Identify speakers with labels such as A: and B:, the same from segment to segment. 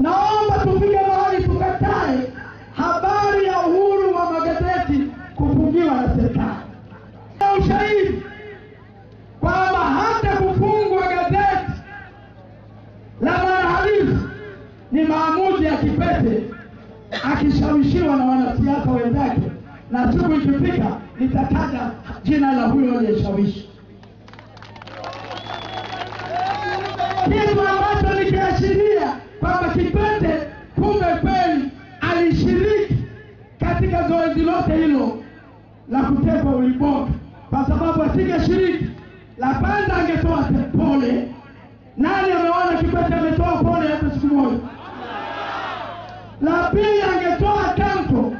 A: Naomba tufike mahali tukatae habari ya uhuru wa magazeti kufungiwa na serikali. ushahidi kwamba hata kufungwa gazeti la Mwanahalisi ni maamuzi ya Kikwete akishawishiwa na wanasiasa wenzake, na siku ikifika nitataja jina la huyo aliyeshawishi. mtepo uliboka kwa sababu asingeshiriki, la kwanza angetoa pole. Nani ameona Kikwete ametoa pole hata siku moja? La pili angetoa tamko,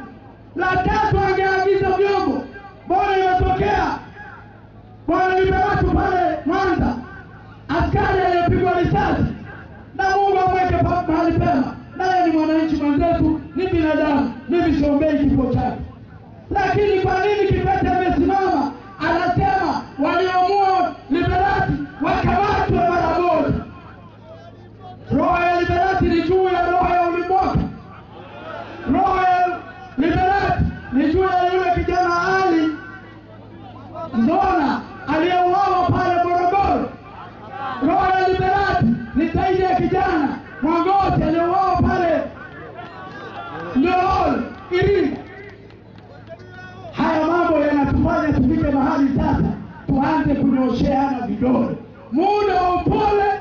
A: la tatu angeagiza vyombo. Bora imetokea bwana watu pale Mwanza, askari aliyepigwa risasi, na Mungu amweke mahali pema, naye ni mwananchi mwenzetu, ni binadamu, mimi siombei kifo chake, lakini kwa nini haya mambo yanatufanya tufike mahali sasa tuanze kunyosheana vidole, muda wa upole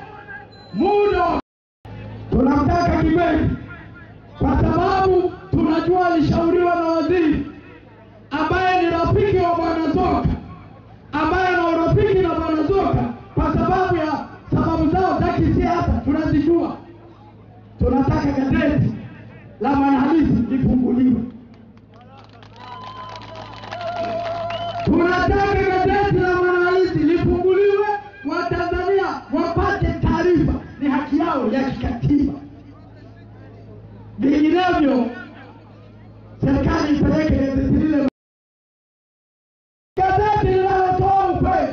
A: hivyo serikali ipeleke zile gazeti linalotoa ukweli.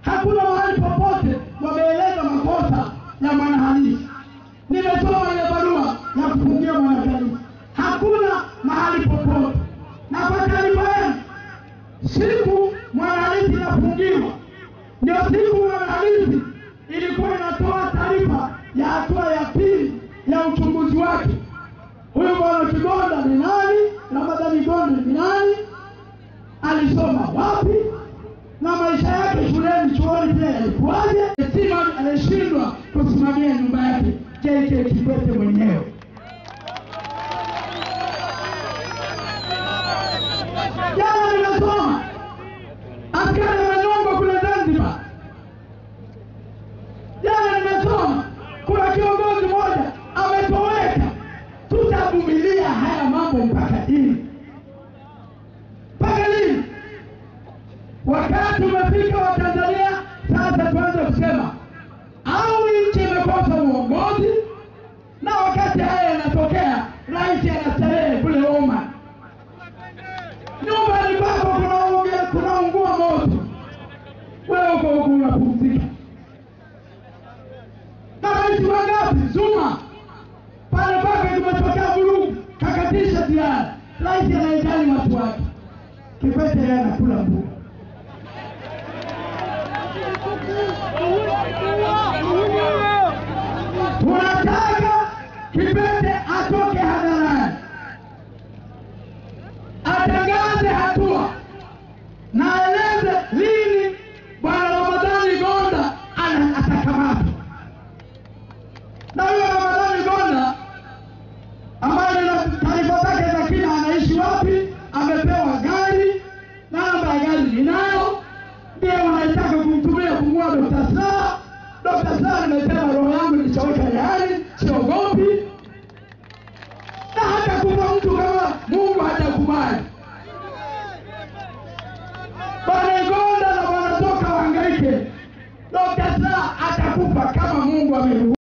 A: Hakuna mahali popote wameeleza makosa ya mwanahalisi. Nimesoma ile barua ya kufungia mwanahalisi, hakuna mahali popote. Na kwa taarifa yenu, siku mwanahalisi inafungiwa ndio siku mwanahalisi ilikuwa inatoa taarifa ya hatua ya pili ya uchunguzi wake. Huyu bwana Kigonda ni nani? Ramadhani Kigonda ni nani? Alisoma wapi? Na maisha yake shuleni, chuoni pia yalikuwaje? Yatima anayeshindwa kusimamia nyumba yake, JK Kikwete mwenyewe. hapo mpaka lini? Mpaka lini? Wakati umefika wa Tanzania sasa tuanze kusema, au nchi imekosa uongozi, na wakati haya yanatokea, rais anastarehe kule Oman, nyumbani kwako kunaungua moto, wewe uko huku unapumzika. Na rais wangapi? Zuma Tumepisha jirani, rais anaijali watu wake. Kikwete yeye anakula mbuga. Tunataka Kikwete atoke hadharani, atangaze hatua na Hallelujah.